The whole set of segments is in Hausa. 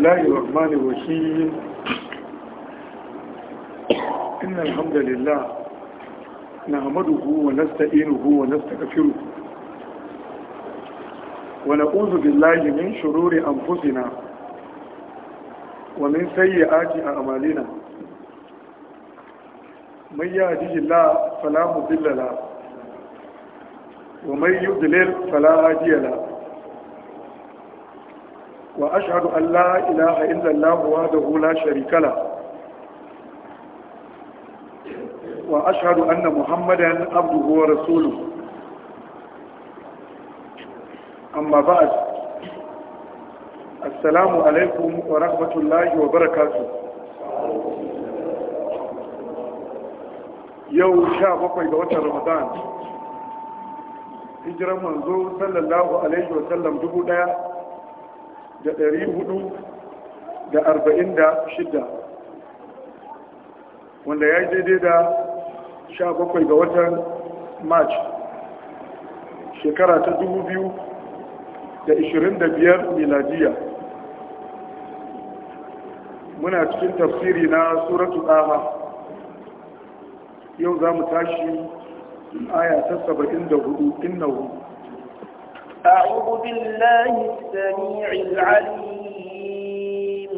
الله الرحمن الرحيم إن الحمد لله نعمده ونستئنه ونستغفره ونقوذ بالله من شرور أنفسنا ومن سيئات أعمالنا من يهده الله فلا مضل له ومن يضلل فلا هادي له wa ashadu an la ilaha illallah wa da hula sharikala wa ashadu an na muhammadan abubuwa rasulun amma ba a assalamu alaikum wa rahmatullahi wa barakatu yau 17 ga watan ramadan hijiran manzo sallallahu alaihi wa sallam 1000 da ɗari hudu da arba'in da shida wanda ya yi daidai da sha bakwai ga watan march shekara ta dubu biyu da ishirin da biyar miladiya muna cikin tafsiri na suratu ɗaha yau za mu tashi aya ta saba'in da hudu innahu أعوذ بالله السميع العليم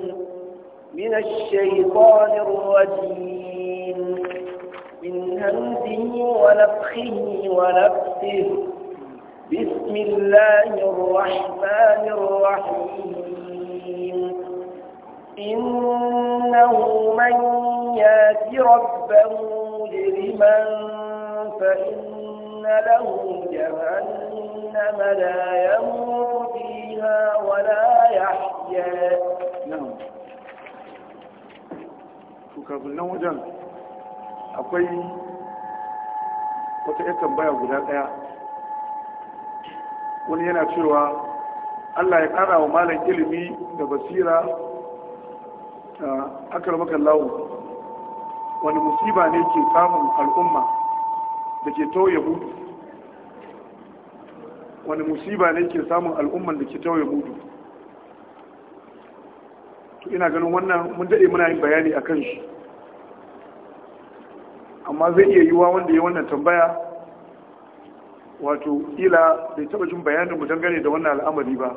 من الشيطان الرجيم من همزه ونفخه ونفسه بسم الله الرحمن الرحيم إنه من يات ربه مجرما فإن له جهنم لا يموت فيها ولا يحيا نعم kafin nan wajen akwai wata ya tambaya guda ɗaya wani yana cewa allah ya ƙara wa malam ilimi da basira a akar makallahu wani musiba ne ke samun al'umma da ke tauye hudu wani musiba ne ke samun al'umman da ke tauye hudu to ina ganin wannan mun daɗe muna yin bayani a kan shi amma zai iya yiwuwa wanda ya wannan tambaya wato ila bai taɓa jin bayanin mu dangane da wannan al'amari ba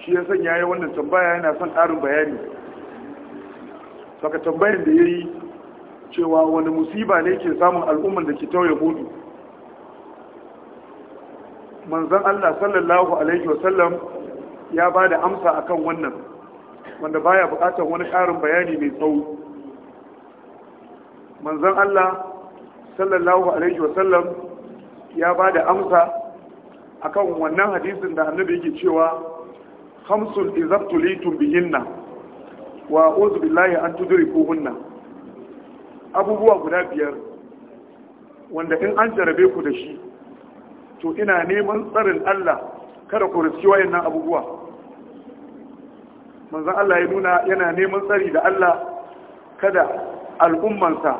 shi ya sanya ya wannan tambaya yana son ƙarin bayani saka tambayin da ya yi cewa wani musiba ne ke samun al'ummar da ke tauye hudu manzan Allah sallallahu alaihi wasallam ya ba da amsa a kan wannan wanda baya buƙatar wani ƙarin bayani mai tsawo manzan Allah sallallahu alaihi wasallam ya ba da amsa a kan wannan hadisin da annabi yake cewa khamsul izabtulitum bihinna wa uzu billahi an tudrikuhunna abubuwa guda biyar wanda in an jarabe ku da shi to ina neman tsarin Allah kada ku riski wayannan abubuwa manzon Allah ya nuna yana neman tsari da Allah kada al'ummansa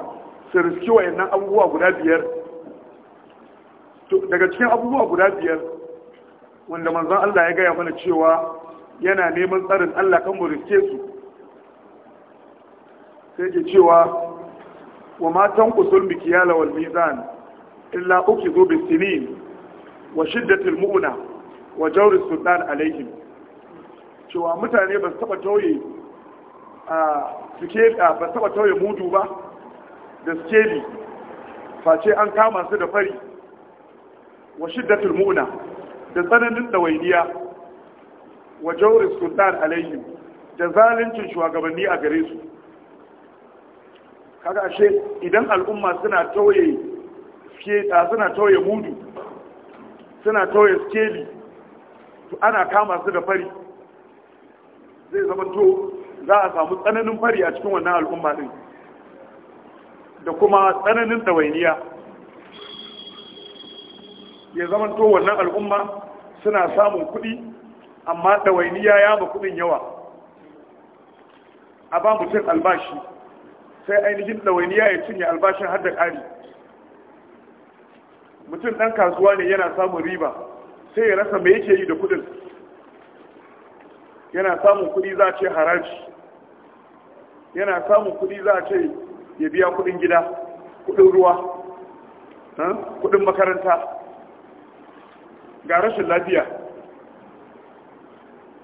su riski wayannan abubuwa guda biyar to daga cikin abubuwa guda biyar wanda manzon Allah ya gaya mana cewa yana neman tsarin Allah kan mu riske su sai ke cewa wa ma tanqusul mikyala wal mizan illa ukizu bis sinin wa shiddatil mu'na wa jawr sultan alaihim cewa mutane ba su taba tauye a suke ba su taba mudu ba da skeli face an kama su da fari wa shiddatul mu'na da tsananin dawainiya wa jawr sultan alaihim da zalincin shugabanni a gare su kaga ashe idan al'umma suna tauye suna tauye mudu suna tauye skeli to ana kama su da fari zai zama to za a samu tsananin fari a cikin wannan al'umma din da kuma tsananin dawainiya ya zama to wannan al'umma suna samun kuɗi amma dawainiya ya ma kuɗin yawa a ba mutum albashi sai ainihin ɗawainiya ya cinye albashin har da ƙari mutum ɗan kasuwa ne yana samun riba sai ya rasa mai yake yi da kuɗin yana samun kuɗi za a ce haraji yana samun kuɗi za a ce ya biya kuɗin gida kuɗin ruwa hmm, kuɗin makaranta ga rashin lafiya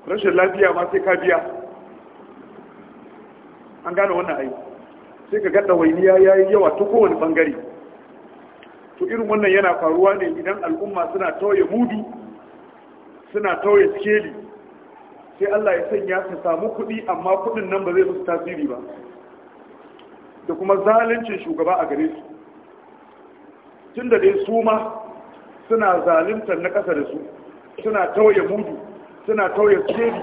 rashin lafiya ma sai ka biya an gane wannan aiki sai ka gada wainiya ya yi yawa ta kowane bangare to irin wannan yana faruwa ne idan al'umma suna tauye mudu suna tauye skeli sai allah ya sanya su samu kuɗi amma kuɗin nan ba zai musu tasiri ba da kuma zaluncin shugaba a gare su tun dai su ma suna zaluntar na kasa da su suna tauye mudu suna tauye skeli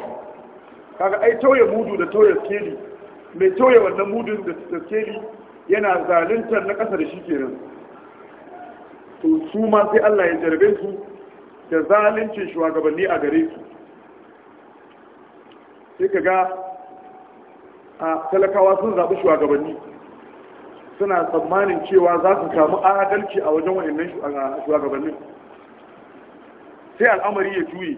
kaga ai tauye mudu da tauye skeli mai toye wannan mudun da ni yana zaluntar na ƙasa da shi kenan to su ma sai Allah ya jarbe su da zaluncin shugabanni a gare su sai ka ga a talakawa sun zaɓi shugabanni suna tsammanin cewa za su samu adalci a wajen waɗannan shugabannin sai al'amari ya juye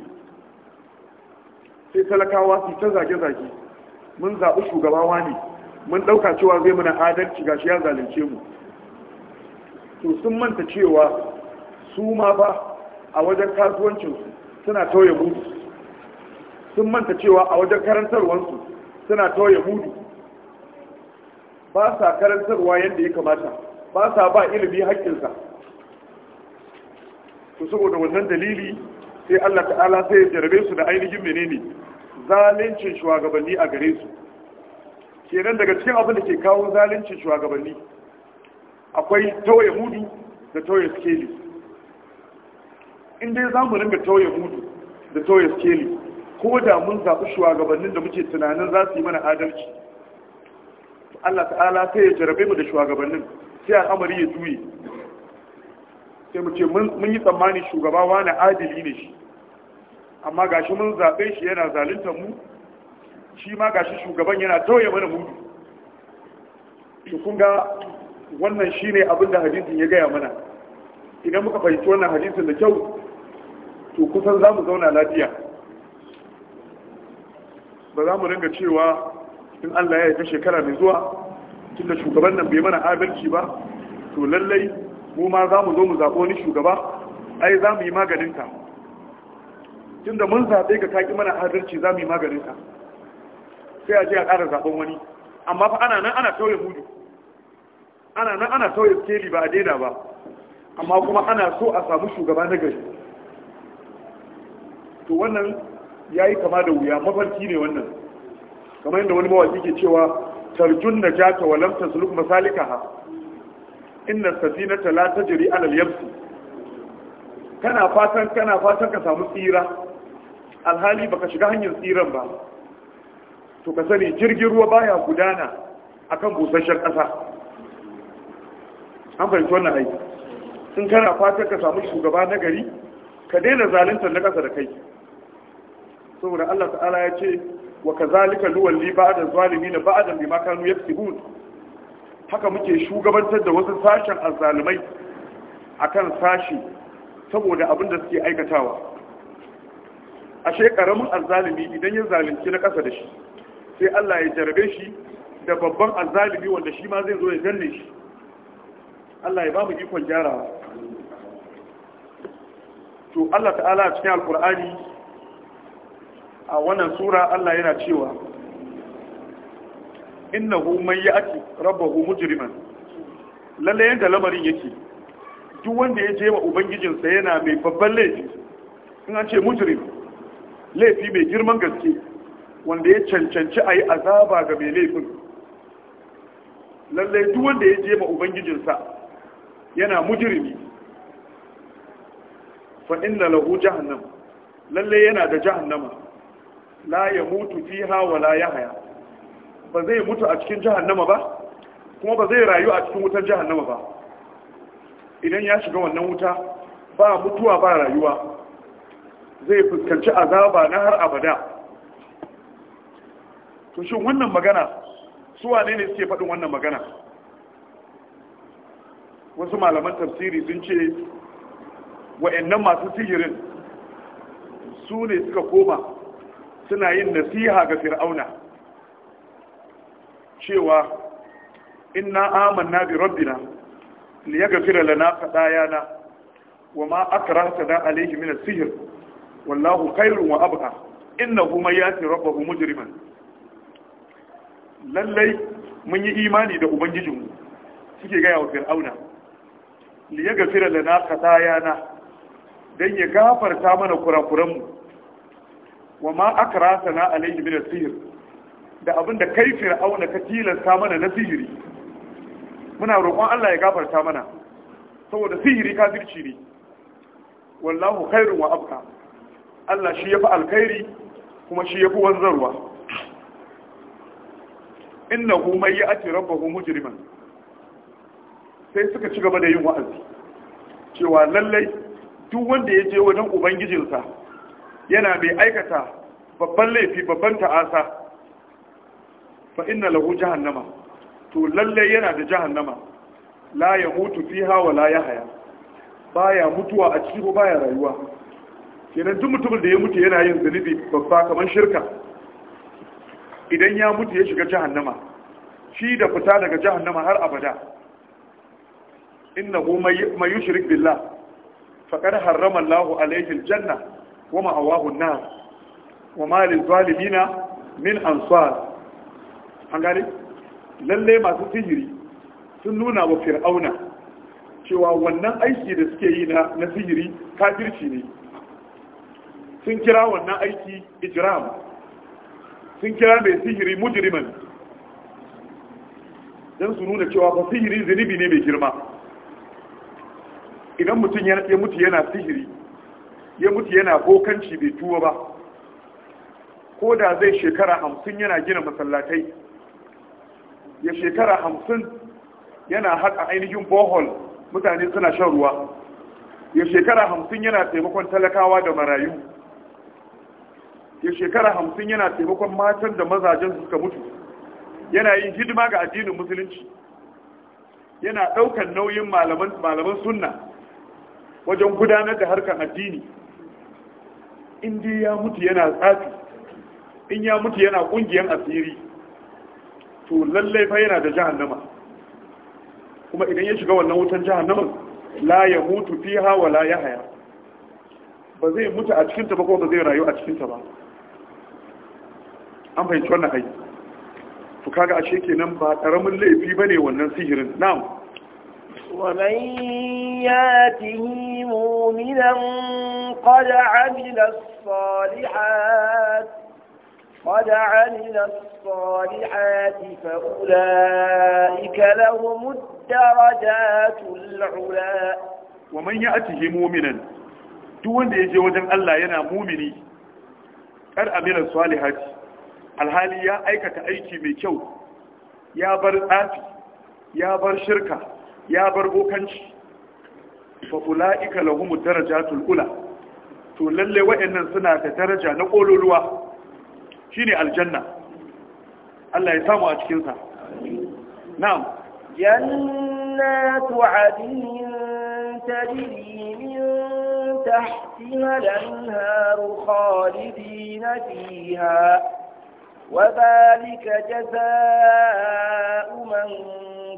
sai talakawa su ta zage-zage mun zaɓi shugaba ne, mun ɗauka cewa zai muna adalci gashi ya zalunce mu to sun manta cewa su ma ba a wajen kasuwancinsu suna tauye mudu sun manta cewa a wajen karantarwarsu suna tauye mudu ba sa karantarwa yadda ya kamata ba sa ba ilimi haƙƙinsa to saboda wannan dalili sai Allah ta'ala sai ya jarabe su da ainihin menene zalincin shugabanni a gare su kenan daga cikin abin da ke kawo zalincin shugabanni akwai tauye mudu da tauye skeli in dai zamu mu ringa tauye mudu da tauye skeli ko da mun zaɓi shugabannin da muke tunanin za su yi mana adalci Allah ta'ala sai ya jarabe mu da shugabannin sai a amari ya juye sai mu ce mun yi tsammani shugaba wani adili ne shi amma ga shi mun zaɓe shi yana zalunta mu shi ma ga shi shugaban yana tauye mana mudu to kun ga wannan shine abin da hadisin ya gaya mana idan muka fahimci wannan hadisin da kyau to kusan za mu zauna lafiya ba za mu ringa cewa in Allah ya yi ta shekara mai zuwa tunda shugaban nan bai mana abinci ba to lallai mu ma za mu zo mu zaɓo ni shugaba ai za mu yi maganinta tunda mun zaɓe ka kaki mana adalci za mu yi maganin ka sai a je a ƙara zaɓen wani amma fa ana nan ana tauye mudu ana nan ana tauye skeli ba a daina ba amma kuma ana so a samu shugaba na gari to wannan ya yi kama da wuya mafarki ne wannan kamar yadda wani mawaki ke cewa tarjun na jata wa lamta suluk masalika ha inna safinata la tajri ala al-yabsi kana fatan kana fatan ka samu tsira alhali baka shiga hanyar tsiran ba to ka sani jirgin ruwa baya gudana akan busasshen ƙasa an fahimci wannan aiki in kana fatan ka samu shugaba na gari ka daina zaluntar na ƙasa da kai saboda Allah ta'ala ya ce wa ka kazalika luwalli ba'da zalimin ba'dan bima kanu yaktubun haka muke shugabantar da wasu sashen azzalumai akan sashi saboda abin da suke aikatawa ashe karamin azzalimi idan ya zalunci na kasa da shi sai Allah ya jarabe shi da babban azzalimi wanda shi ma zai zo ya janne shi Allah ya ba mu ikon gyarawa to Allah ta'ala a cikin alkur'ani a wannan sura Allah yana cewa innahu man ya'ti rabbahu mujriman lalle yanda lamarin yake duk wanda ya je wa ubangijinsa yana mai babban laifi in an ce mujrim laifi mai girman gaske wanda ya cancanci a yi azaba ga mai laifin lallai duk wanda ya je ma ubangijinsa yana mujirimi fa inna lahu jahannam lallai yana da jahannama la ya mutu fi wa la ya haya. ba zai mutu a cikin jahannama ba kuma ba zai rayu a cikin wutar jahannama ba idan ya shiga wannan wuta ba mutuwa ba rayuwa zai fuskanci azaba na har abada to shin wannan magana su wane ne suke faɗin wannan magana wasu malaman tafsiri sun ce wa'annan masu sihirin su ne suka koma suna yin nasiha ga fir'auna cewa inna amanna bi rabbina liyaghfira lana khatayana wa ma akrahta da alayhi min as-sihr wallahu khairun wa abqa innahu man yati rabbahu mujriman lallai mun yi imani da ubangijinmu suke gaya wa fir'auna li ya gafira lana qatayana dan ya gafarta mana kurakuranmu wa ma akrasana alayhi min as da abinda kai fir'auna ka tilasta mana na sihiri muna roƙon Allah ya gafarta mana saboda sihiri kafirci ne wallahu khairun wa abqa Allah shi ya fi alkhairi kuma shi ya fi wanzarwa inna hu mai ya ake rabbahu mujirman sai suka ci gaba da yin wa'azi cewa lallai duk wanda ya je wajen ubangijinsa yana mai aikata babban laifi babban ta'asa fa inna lahu jahannama to lallai yana da jahannama la ya mutu fiha wa la ya haya baya mutuwa a ciki ko baya rayuwa kenan duk mutumin da ya mutu yana yin zunubi babba kamar shirka idan ya mutu ya shiga jahannama shi da fita daga jahannama har abada innahu may yushrik billah faqad harrama Allahu alayhi aljanna wa ma'awahu an-nar wa ma lizzalimina min ansar an gari lalle masu sihiri sun nuna wa fir'auna cewa wannan aiki da suke yi na sihiri kafirci ne sun kira wannan aiki ijram sun kira mai sihiri mujriman don su nuna cewa ba sihiri zunubi ne mai girma idan mutum ya mutu yana sihiri ya mutu yana bokanci bai tuwa ba ko da zai shekara hamsin yana gina masallatai ya shekara hamsin yana haɗa ainihin bohol mutane suna shan ruwa ya shekara hamsin yana taimakon talakawa da marayu ke shekara hamsin yana taimakon matan da mazajen suka mutu yana yin hidima ga addinin musulunci yana ɗaukar nauyin malaman sunna wajen gudanar da harkar addini in dai ya mutu yana tsafi in ya mutu yana ƙungiyar asiri to lallai fa yana da jahannama kuma idan ya shiga wannan wutan jahannaman la ya mutu fiha wa la ya haya ba zai mutu a cikinta ba ko ba zai rayu a cikinta ba an fahimci wannan aiki to kaga ashe nan ba karamin laifi ba ne wannan sihirin na'am wa man yatihi mu'minan qad amila as-salihat qad amila as-salihat fa ulaika lahum ad-darajatul 'ula wa man yatihi mu'minan duk wanda ya je wajen Allah yana mu'mini kar amina as-salihat alhali ya aikata aiki mai kyau ya bar tsafi ya bar shirka ya bar bokanci fa ika lahum daraja, ula to lalle waɗannan suna da daraja na Shi shine aljanna Allah ya samu a cikinsa sa na'am jannatu adnin tajri min تحتها الأنهار خالدين فيها وذلك جزاء من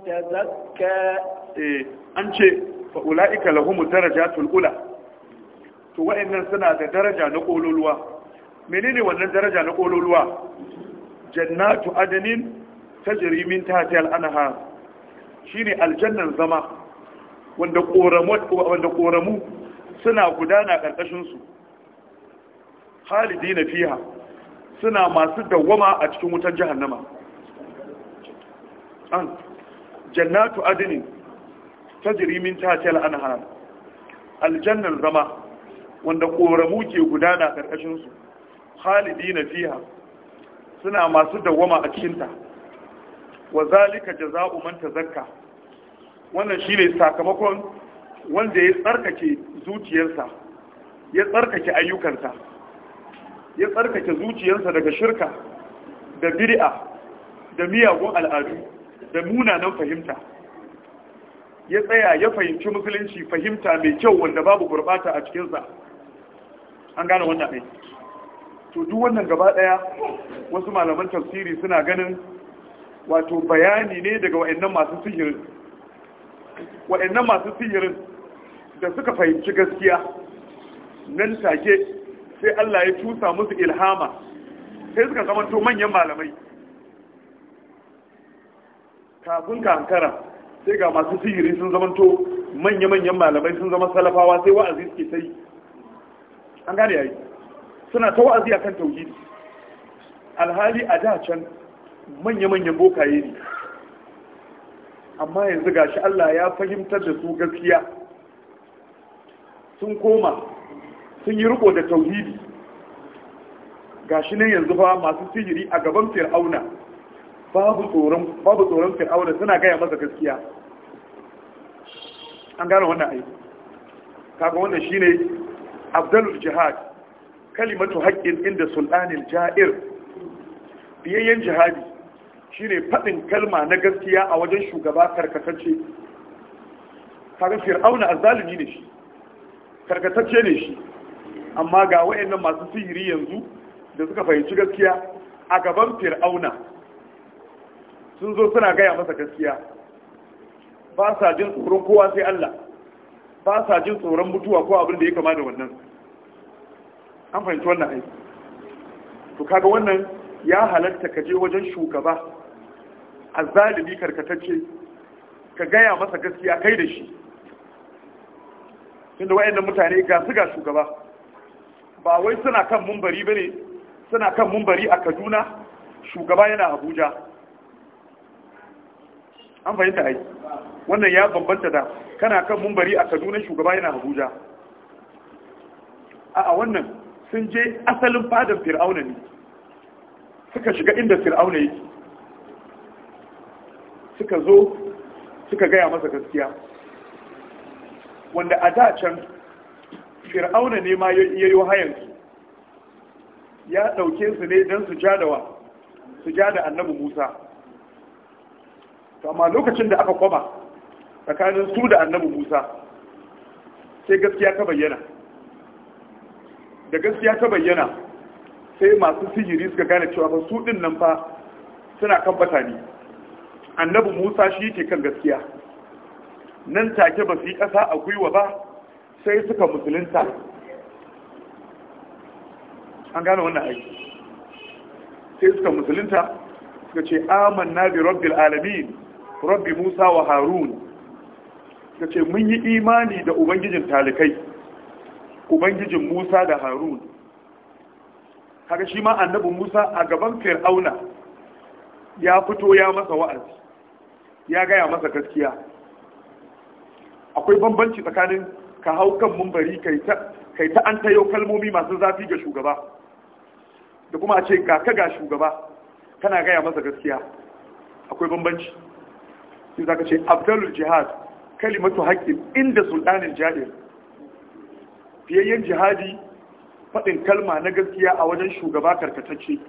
تزكى eh an ce fa ulaika lahum darajatul ula to wayannan suna da daraja na kololuwa menene wannan daraja na kololuwa jannatu adnin tajri min tahtiha al-anhar shine aljannan zama wanda koramu wanda suna gudana ƙarƙashinsu. su khalidina suna masu dawwama a cikin wutar jahannama an jannatu adini ta jirimin tatel anhar aljannar zama wanda koramu ke gudana ƙarƙashinsu halidi na fiha suna masu dawwama a cikinta wa zalika jaza'u man tazakka wannan shine sakamakon wanda ya tsarkake zuciyarsa ya tsarkake ayyukansa ya tsarkake zuciyarsa daga shirka da biri'a da miyagun al'adu da munanan fahimta ya tsaya ya fahimci musulunci fahimta mai kyau wanda babu gurbata a cikinsa an gane wannan ne to duk wannan gaba daya wasu malaman tafsiri suna ganin wato bayani ne daga wa'annan masu sihirin wa'annan masu sihirin da suka fahimci gaskiya nan take sai Allah ya tusa musu ilhama sai suka zama to manyan malamai kafin kankara sai ga masu sihiri sun zama to manya-manyan malamai sun zama salafawa sai wa'azi suke sai an gane yayi suna ta wa'azi akan tauhidi alhali a da can manya-manyan bokaye ne amma yanzu gashi Allah ya fahimtar da su gaskiya sun koma sun yi riko da tauhidi shi ne yanzu ba masu sihiri a gaban fir'auna babu tsoron fir'auna suna gaya masa gaskiya an gane wannan aiki kaga wannan shi ne abdalul jihad kalimatu haƙƙin inda sultanin ja'ir biyayyen jihadi ne fadin kalma na gaskiya a wajen shugaba karkatacce kaga fir'auna zalimi ne shi karkatacce ne shi amma ga wayannan masu sihiri yanzu da suka fahimci gaskiya a gaban fir'auna sun zo suna gaya masa gaskiya ba sa jin tsoron kowa sai Allah ba sa jin tsoron mutuwa ko abin da ya kama da wannan an fahimci wannan aiki to kaga wannan ya halatta ka je wajen shugaba a zalibi karkatacce ka gaya masa gaskiya kai da shi inda wayannan mutane ga su ga shugaba ba wai suna kan mumbari bane suna kan mumbari a Kaduna shugaba yana Abuja an fahimta ai wannan ya bambanta da kana kan mumbari a Kaduna shugaba yana Abuja a a wannan sun je asalin fadar Fir'auna ne suka shiga inda Fir'auna yake suka zo suka gaya masa gaskiya wanda a da can fir'auna ne ma ya yi hayan su ya ɗauke su ne don su ja da wa su ja da annabi musa amma lokacin da aka kwaba tsakanin su da annabi musa sai gaskiya ta bayyana da gaskiya ta bayyana sai masu sihiri suka gane cewa ba su ɗin nan fa suna kan batani annabi musa shi ke kan gaskiya nan take ba su yi ƙasa a gwiwa ba sai suka musulunta an gane wannan aiki sai suka musulunta suka ce na bi rabbil alamin rabbi musa wa harun suka ce mun yi imani da ubangijin talikai ubangijin musa da harun Haka shi ma annabi musa a gaban fir'auna ya fito ya masa wa'azi ya gaya masa gaskiya akwai bambanci tsakanin ka hau kan mumbari kai ta an tayo kalmomi masu zafi ga shugaba da kuma a ce ga ka ga shugaba kana gaya masa gaskiya akwai bambanci sai za ka ce abdullul jihad kalimatu haƙƙin inda sultanin jahil fiyayyen jihadi faɗin kalma na gaskiya a wajen shugaba karkatacce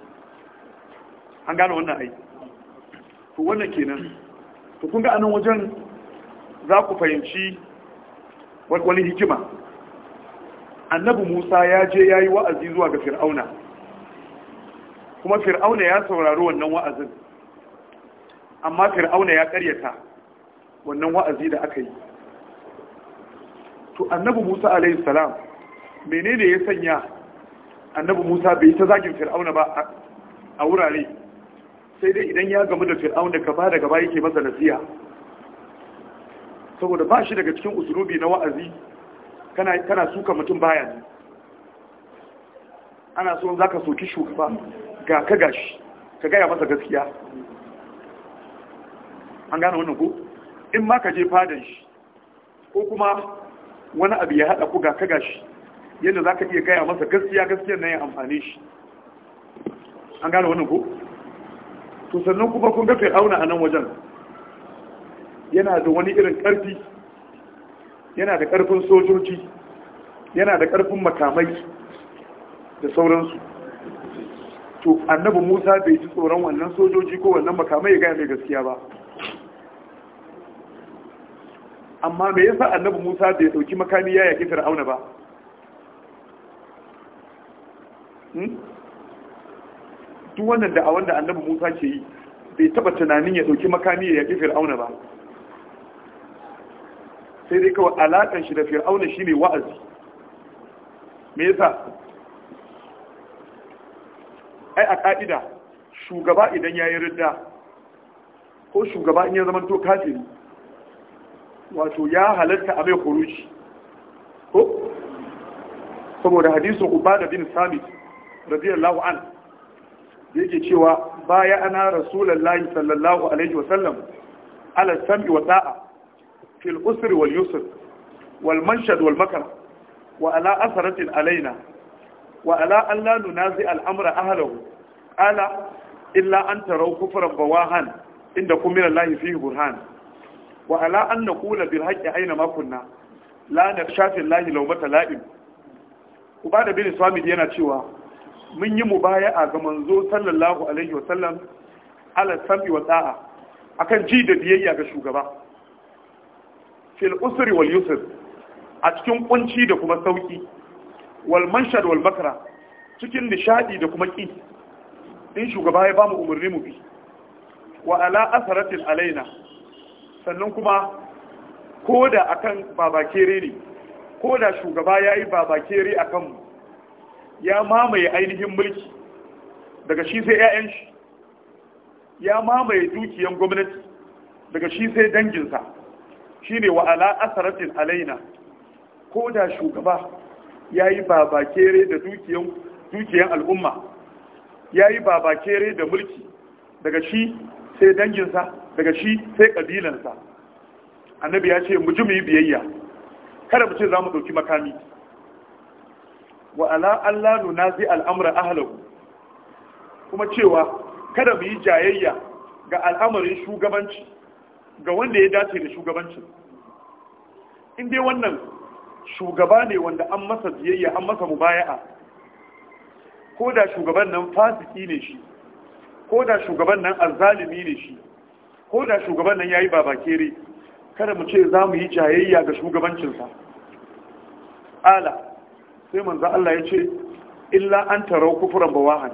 an gano wannan ai to wannan kenan to kun ga anan wajen za ku fahimci wani hikima annabi musa ya je ya yi wa'azi zuwa ga fir'auna kuma fir'auna ya saurari wannan wa'azin amma fir'auna ya karyata wannan wa'azi da aka yi to annabi musa alayhi salam menene ya sanya annabi musa bai ta zagin fir'auna ba a wurare sai dai idan ya gamu da fir'auna gaba da gaba yake masa nasiha saboda ba shi daga cikin usulubi na wa'azi kana suka mutum baya ne ana so za ka soki shugaba ga ka gashi ka gaya masa gaskiya an gane wannan ko in ma ka je fadan shi ko kuma wani abu ya haɗa ku ga ka gashi yadda za ka iya gaya masa gaskiya gaskiyar na yin amfani shi an gane wannan ko to sannan kuma kun gafe auna a nan wajen yana da wani irin karfi yana da karfin sojoji yana da karfin makamai da sauransu to annabi musa bai ji tsoron wannan sojoji ko wannan makamai ya gaya mai gaskiya ba amma me yasa annabi musa bai dauki makami ya yaki fir'auna ba hmm? duk wannan da a wanda annabi musa ke yi bai taba tunanin ya dauki makami ya yaki fir'auna ba sai dai kawai alaƙar shi da fir'auna shi ne wa'azi me yasa ai a ƙa'ida shugaba idan ya yi ridda ko shugaba in ya zama to kafiri wato ya halatta a mai kuruci ko saboda hadisin ubada bin samit radiyallahu an yake cewa baya ana rasulallah sallallahu alaihi wasallam ala sam'i wa ta'a fil usri wal yusr wal manshad wal makar wa ala asaratin alaina wa ala an la nunazi al'amra ahlahu ala illa an tarau kufran bawahan inda kun min Allah fihi burhan wa ala an naqula bil haqqi aina ma kunna la nakshafi Allah law mata la'im ubada bin swamid yana cewa mun yi ga manzo sallallahu alaihi wa sam'i wa ta'a akan ji da biyayya ga shugaba fil usri wal yusr a cikin kunci da kuma sauki wal manshad wal makra cikin nishadi da kuma ki in shugaba ya bamu umarni mu bi wa ala asaratin alaina sannan kuma ko da akan kere ne koda shugaba ya yi babakere a kanmu ya mamaye ainihin mulki daga shi sai 'ya'yan shi ya mamaye dukiyan gwamnati daga shi sai danginsa shine wa ala alaina ko da shugaba yayi babakere da dukiyan dukiyan al'umma yayi babakere da mulki daga shi sai danginsa daga shi sai ƙabilansa. annabi ya ce mu ji biyayya kada mu ce za mu ɗauki makami wa ala Allah zai al'amra ahlahu kuma cewa kada mu yi jayayya ga al'amarin shugabanci ga wanda ya dace da shugabancin in dai wannan shugaba ne wanda an masa biyayya an masa mubaya'a ko da shugaban nan fasiki ne shi ko da shugaban nan azzalimi ne shi ko da shugaban nan yayi babakere kada mu ce za mu yi jayayya ga shugabancinsa ala sai manzo Allah ya ce illa an tarau kufran bawahan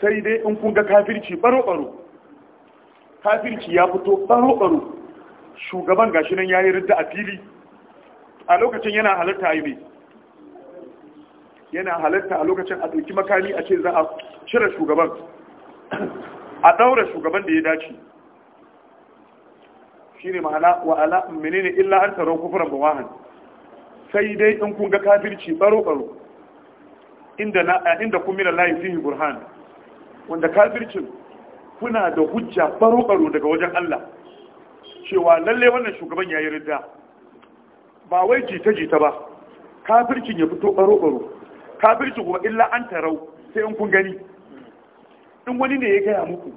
sai dai in kun ga kafirci baro baro kafirci ya fito baro-baro shugaban gashi nan ya yi ridda a fili a lokacin yana halatta yi ne yana halatta a lokacin a ɗauki makami a ce za a cire shugaban a ɗaura shugaban da ya dace shi ne ma'ana mene ne illa an taron kufuran bawahan sai dai in kun ga kafirci baro-baro inda kun mina layi fihi burhan wanda kafircin kuna da hujja baro-baro daga wajen Allah cewa lalle wannan shugaban ya yi ridda ba wai jita-jita ba kafircin ya fito baro-baro kafircin kuma illa an tarau sai in kun gani in wani ne ya gaya muku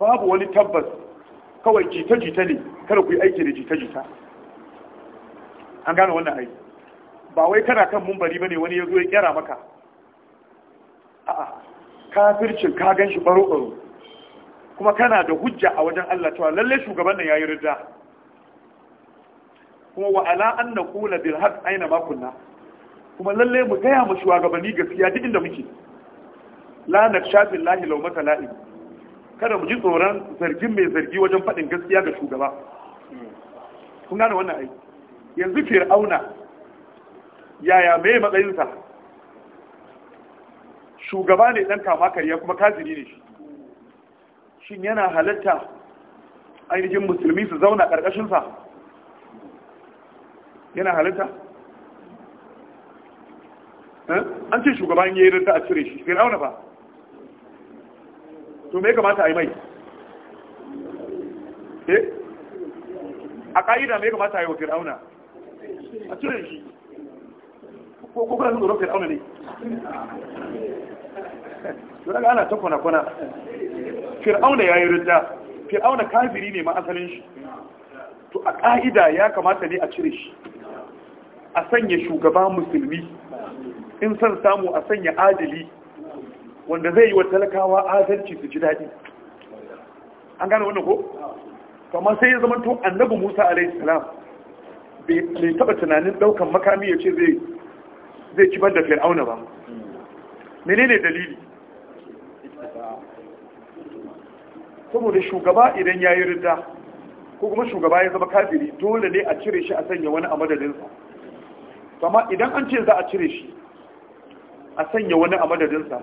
babu wani tabbas kawai jita-jita ne kada ku yi aiki da jita-jita an gane wannan aiki ba wai kana kan mumbari ba ne wani ya zo ya kera maka a'a kafircin ka gan shi baro-baro kuma kana da hujja a wajen Allah cewa lalle shugaban nan yayi rida kuma wa ala an naqula bil haqq aina ma kunna kuma lalle mu gaya mu shugabanni gaskiya duk inda muke la naksha billahi law matala'ib kada mu ji tsoron zargin mai zargi wajen faɗin gaskiya ga shugaba kun gane wannan aiki yanzu fir'auna yaya mai matsayinsa shugaba ne dan kama kariya kuma kaziri ne shi shin yana halatta ainihin musulmi su zauna ƙarƙashinsa yana halatta eh? an ce shugaban ya yi rinta a cire shi fir'auna ba to me kamata a yi mai eh? a ƙa'ida me kamata a yi wa fir'auna a cire shi ko kuna sun tsoron fir'auna ne to daga ana ta kwana-kwana fir'auna ya yi ridda fir'auna kafiri ne ma asalin shi to a ƙa'ida ya kamata ne a cire shi a sanya shugaba musulmi in san samu a sanya adali wanda zai yi wa talakawa adalci su ji daɗi an gane wannan ko? kamar sai ya zama to annabi musa alaihi salam bai taba tunanin daukan makami ya ce zai kibar da fir'auna ba menene dalili saboda shugaba idan ya yi ridda ko kuma shugaba ya zama kafiri dole ne a cire shi a sanya wani a madadinsa amma idan an ce za a cire shi a sanya wani a madadinsa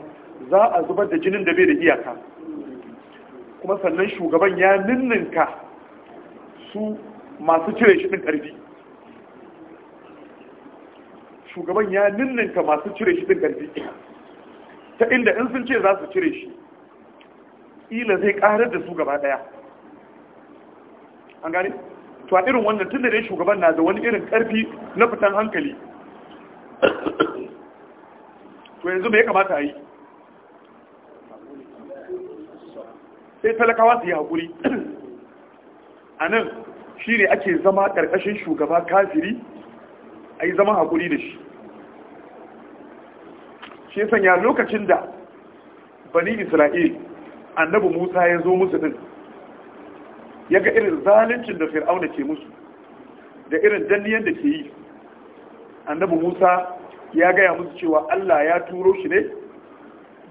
za a zubar da jinin da bai da iyaka kuma sannan shugaban ya ninninka su masu cire shi ɗin ƙarfi shugaban ya ninninka masu cire shi ɗin ƙarfi ta inda in sun ce za su cire shi ila zai karar da su gaba daya an gane to a irin wannan tun da dai shugaban na da wani irin karfi na fitan hankali to yanzu me ya kamata a yi sai talakawa su yi hakuri. a nan shi ne ake zama ƙarƙashin shugaba kafiri a yi zama haƙuri da shi shi sanya lokacin da bani isra'il annabi Musa ya zo musu din ya ga irin zaluncin da fir'auna ke musu da irin danniyan da ke yi annabi Musa ya gaya musu cewa Allah ya turo shi ne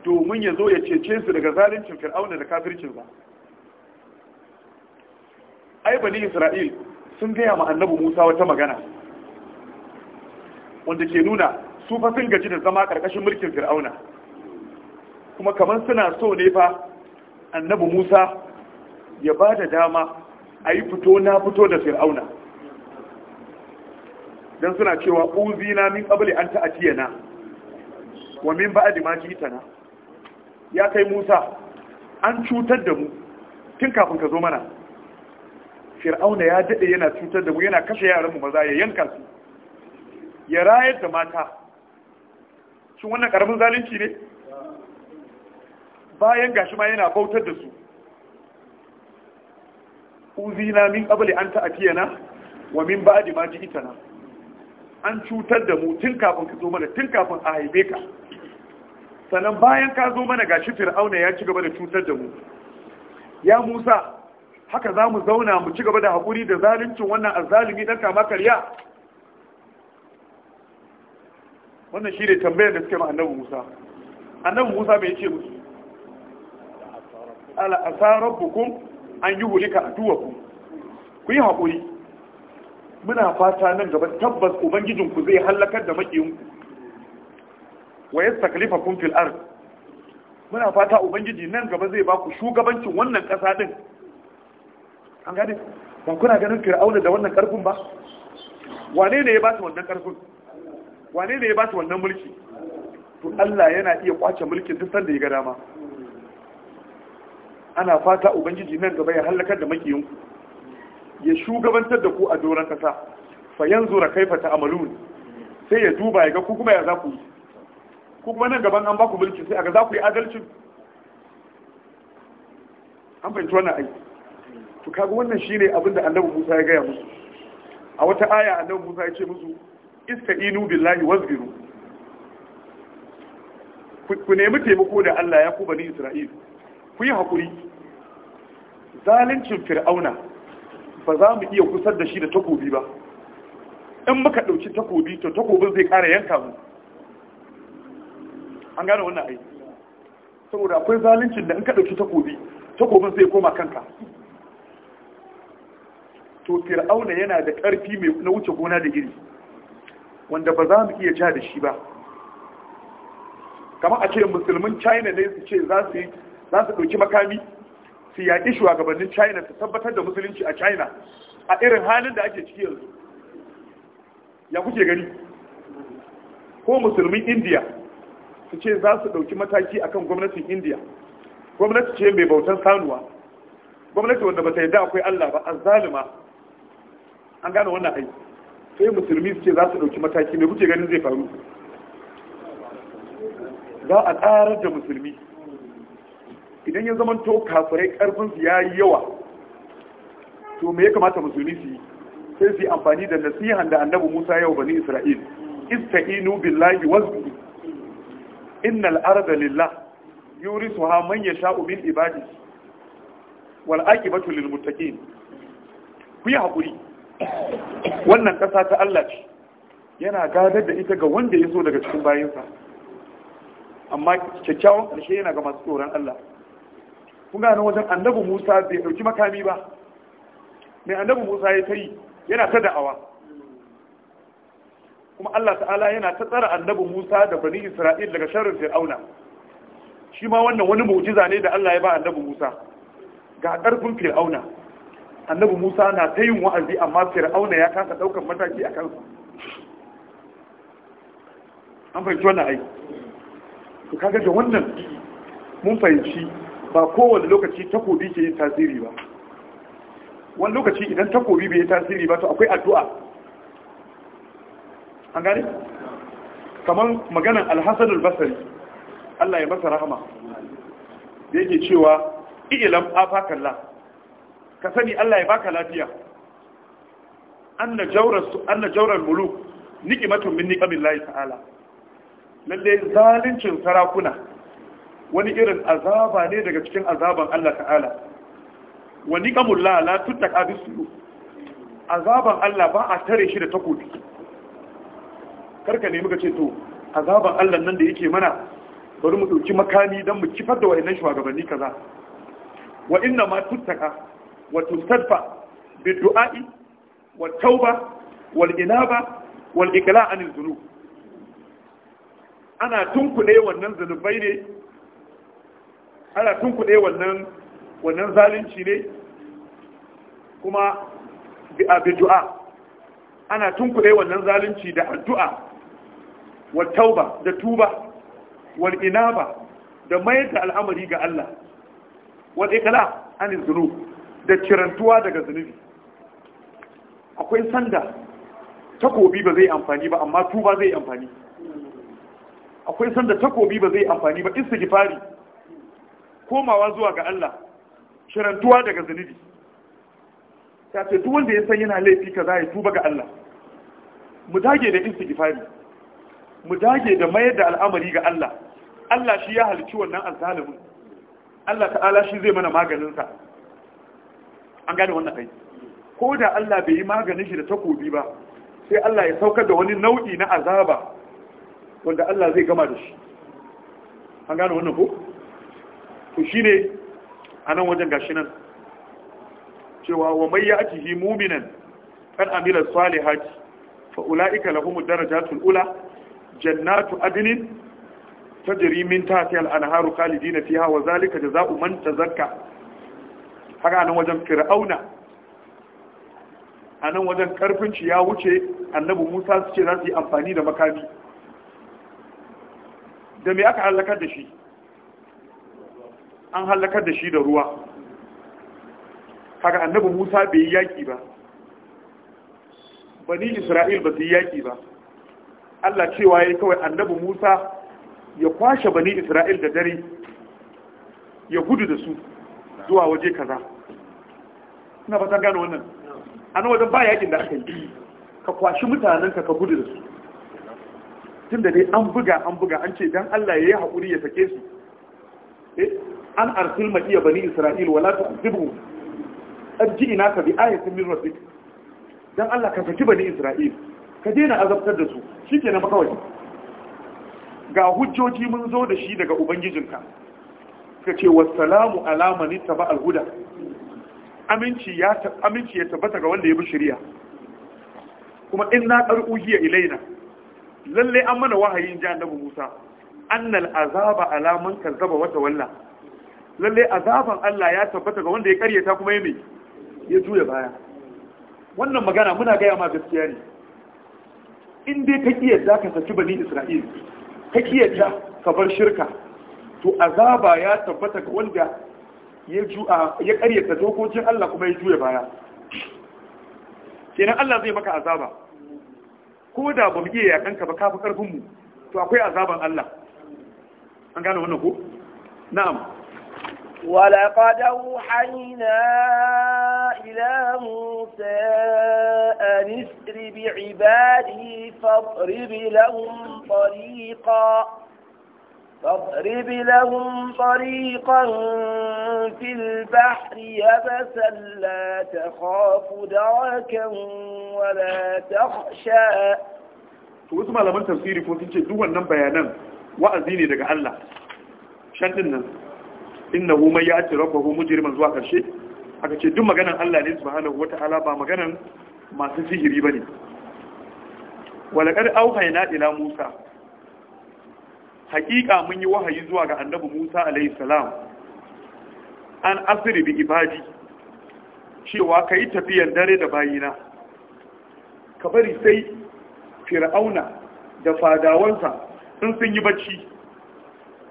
domin ya zo ya cece su daga zaluncin fir'auna da kafircin ba ai bani Isra'il sun gaya ma annabi Musa wata magana wanda ke nuna su fa sun gaji da zama ƙarƙashin mulkin fir'auna kuma kamar suna so ne fa annabi Musa ya ba da dama a yi fito na fito da fir'auna don suna cewa uzina min qabli an na, wa min ba'di ma tana. ya kai Musa an cutar da mu tun kafin ka zo mana fir'auna ya daɗe yana cutar da mu yana kashe yaran mu maza ya yanka su ya rayar da mata shin wannan ƙaramin zalunci ne bayan gashi ma yana bautar da su uzina min qabli an ta'tiyana wa min ba'di ma ji'tana an cutar da mu tun kafin ka zo mana tun kafin a haife ka sannan bayan ka zo mana gashi fir'auna ya ci gaba da cutar da mu ya musa haka za mu zauna mu ci gaba da haƙuri da zaluncin wannan azalimi ɗan kama karya wannan shi ne tambayar da suke ma annabi musa annabi musa bai ce musu ala an yi an a aduwakum ku yi haƙuri muna fata nan gaba tabbas ubangijinku zai hallakar da makiyinku wa ya sakalifa fil ard muna fata ubangiji nan gaba zai ba ku shugabancin wannan ƙasa din an gane ba kuna ganin fir'auna da wannan ƙarfin ba wane ne ya ba su wannan ƙarfin? wane ne ya ba su wannan mulki to Allah yana iya kwace mulkin duk sanda ya ga dama ana fata ubangiji nan gaba ya halakar da makiyinku ya shugabantar da ku a doron kasa fa yanzu ra kaifa ta'malun sai ya duba ya ga ku kuma ya za ku yi ku kuma nan gaban an ba ku mulki sai a ga za ku yi adalcin an fahimci wannan aiki to kaga wannan shine abin da annabi Musa ya gaya musu a wata aya annabi Musa ya ce musu istainu billahi wasbiru ku nemi taimako da Allah ya ku bani Isra'ila ku yi haƙuri zalincin fir'auna ba za mu iya kusar da shi da takobi ba in muka ɗauki takobi to takobin zai ƙara yanka mu an gane wannan aiki saboda akwai zalincin da in ka ɗauki takobi takobin zai koma kanka to fir'auna yana da ƙarfi mai na wuce gona da iri wanda ba za mu iya ja da shi ba kamar a ce musulmin china ne su ce za su yi za su ɗauki makami su yaƙi shugabannin china su tabbatar da musulunci a china a irin halin da ake ciki yanzu ya kuke gani ko musulmin india su ce za su ɗauki mataki akan gwamnatin india gwamnati ce mai bautan sanuwa gwamnati wanda ba ta yadda akwai allah ba an zalima an gane wannan aiki sai musulmi su ce za su ɗauki mataki mai kuke ganin zai faru za a ƙarar da musulmi idan ya zama to kafirai karfin su yayi yawa to me ya kamata musulmi su yi sai su yi amfani da nasihan da annabi Musa yau bani Isra'il istainu billahi wasbi innal arda lillah yurisuha man yasha'u min ibadi wal aqibatu lil muttaqin ku yi hakuri wannan ƙasa ta Allah ce yana gadar da ita ga wanda ya so daga cikin bayansa, amma kyakkyawan ƙarshe yana ga masu tsoron Allah kun gane wajen annabi musa bai dauki makami ba mai annabi musa ya kai yana ta da'awa kuma allah ta'ala yana ta tsara annabi musa da bani isra'il daga sharrin fir'auna shi ma wannan wani mu'jiza ne da allah ya ba annabi musa ga ƙarfin fir'auna annabi musa na ta yin wa'azi amma fir'auna ya kasa ɗaukar mataki a kansa an fahimci wannan aiki to kaga da wannan mun fahimci ba kowane lokaci takobi ke yin tasiri ba wani lokaci idan takobi bai yi tasiri ba to akwai addu'a an gane kamar maganan alhassan albasari Allah ya masa rahama da yake cewa ilam afakalla ka sani Allah ya baka lafiya an na anna muluk muluk niqmatun min layi ta'ala lalle zalincin sarakuna wani irin azaba ne daga cikin azaban Allah ta'ala wani kamulla la tuttaka bisu azaban Allah ba a tare shi da takobi karka ne muka ce to azaban Allah nan da yake mana bari mu ɗauki makami dan mu kifar da wayannan shugabanni kaza wa inna ma tuttaka wa tustadfa bi du'a'i wa tauba wal inaba wal iqla' dhunub ana tunkuɗe wannan zunubai ne ana tunkuɗe wannan wannan zalunci ne kuma a bidu'a ana tunkuɗe wannan zalunci da addu'a wa da tuba wal inaba da mayar da al'amari ga Allah wal ikala anil zunub da cirantuwa daga zunubi akwai sanda takobi ba zai amfani ba amma tuba zai amfani akwai sanda takobi ba zai amfani ba istighfari komawa zuwa ga Allah shirantuwa daga zunubi ta ce duk wanda ya san yana laifi ka a ya tuba ga Allah mu dage da istighfari mu dage da mayar da al'amari ga Allah Allah shi ya halicci wannan azzalimin Allah ta'ala shi zai mana maganin sa an gane wannan kai ko da Allah bai yi maganin shi da takobi ba sai Allah ya saukar da wani nau'i na azaba wanda Allah zai gama da shi an gane wannan ko to shine anan wajen gashi nan cewa wa mai ya ajihi muminan kan amila salihati fa ulaika lahum darajatul ula jannatu ta tajri min tahtiha al’anaharu kalidi na fi hawa, zalika da jazaa'u man zarka haka nan wajen fir'auna anan wajen karfin ya wuce annabi Musa suke ce za su yi amfani da makami da me aka hallakar da shi an halakar da shi da ruwa kaga annabi Musa bai yi yaki ba bani Isra'il ba su yi yaki ba Allah cewa yayi kawai annabi Musa ya kwashe bani Isra'il da dare ya gudu da su zuwa waje kaza ina ba ta gano wannan an wajen ba yakin da aka yi ka kwashi mutanen ka ka gudu da su tun da dai an buga an buga an ce dan Allah ya yi haƙuri ya sake su eh, an arsil iya bani isra'il wala ta tuqsibu ajji ina ka bi ayatin min rabbik dan Allah ka saki bani isra'il ka daina azabtar da su shikenan ba kawai ga hujjoji mun zo da shi daga ubangijinka ka ce wassalamu ala man ittaba al-huda aminci ya aminci ya tabbata ga wanda ya bi shari'a kuma in na qaruhiya ilaina lalle an mana wahayin ji Musa annal azaba ala man kazzaba wa tawalla lalle azaban Allah ya tabbata ga wanda ya karyata kuma ya mai ya juya baya wannan magana muna gaya ma gaskiya ne in dai ka kiyarda ka saki bani Isra'il ka kiyarda ka bar shirka to azaba ya tabbata ga wanda ya ju'a ya karyata dokokin Allah kuma ya juya baya kenan Allah zai maka azaba ko da ba mu iya yakan ka ba kafi karfin mu to akwai azaban Allah an gane wannan ko na'am ولقد أوحينا إلى موسى أن اسر بعبادي فاضرب لهم طريقا فاضرب لهم طريقا في البحر يبسا لا تخاف دركا ولا تخشى wasu لما tafsiri ko sun ce duk يا bayanan wa'azi لك daga Allah inna hu mai yati rabbahu mujriman zuwa karshe aka ce duk maganan Allah ne subhanahu wata'ala ba maganar masu sihiri bane walaqad auhayna ila Musa Haƙiƙa mun yi wahayi zuwa ga annabi Musa alayhi salam an asiri bi ibadi cewa kai tafiyar dare da bayina ka bari sai fir'auna da fadawansa sun sun yi bacci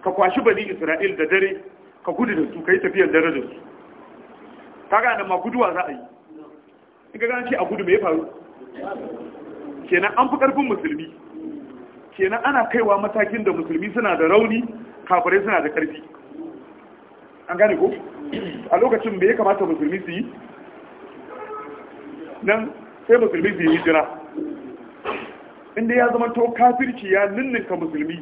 ka kwashi bani Isra'il da dare ka gudu da su ka yi tafiyar dare da su ta gane ma guduwa za a yi in ga gane a gudu mai faru kenan an fi karfin musulmi kenan ana kaiwa matakin da musulmi suna da rauni kafirai suna da karfi an gane ko a lokacin me ya kamata musulmi su yi nan sai musulmi su yi hijira inda ya zama to kafirci ya ninninka musulmi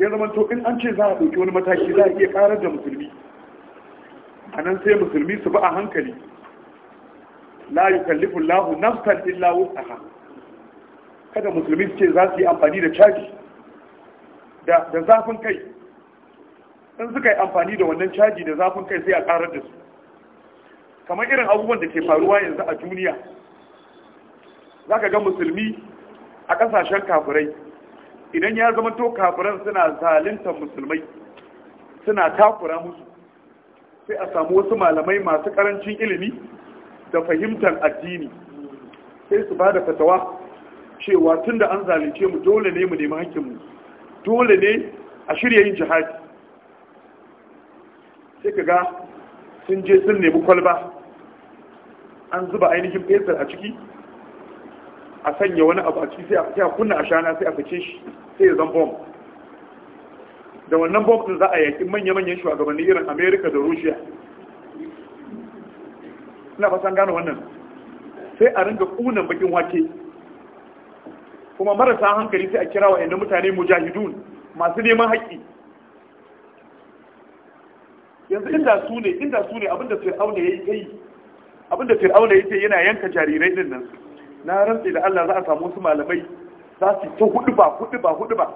ya zama to in an ce za a ɗauki wani mataki za a iya karar da musulmi a nan sai musulmi su ba a hankali la yukallifu Allahu nafsan illa wus'aha kada musulmi su ce za su yi amfani da caji da zafin kai in suka yi amfani da wannan caji da zafin kai sai a karar da su kamar irin abubuwan da ke faruwa yanzu a duniya za ka ga musulmi a ƙasashen kafirai idan ya zama to kafiran suna zaluntar musulmai suna takura musu sai a samu wasu malamai masu karancin ilimi da fahimtar addini sai su ba da fatawa cewa tun da an zalunce mu dole ne mu nemi mu, dole ne a shirya yin jihadi sai ka sun je sun nemi kwalba an zuba ainihin fesar a ciki a sanya wani abu a ciki sai a kunna a shana sai a fice shi sai ya zan bomb da wannan bomb din za a yaki manya-manyan shugabanni irin america da russia ina fasan gane wannan sai a ringa kunan bakin wake kuma marasa hankali sai a kira wa yanda mutane mujahidun masu neman haƙƙi yanzu inda su ne inda su ne abinda fir'auna ya yi abinda fir'auna ya ce yana yanka jarirai din nan na rantse da Allah za a samu wasu malamai za su ta hudu ba hudu ba hudu ba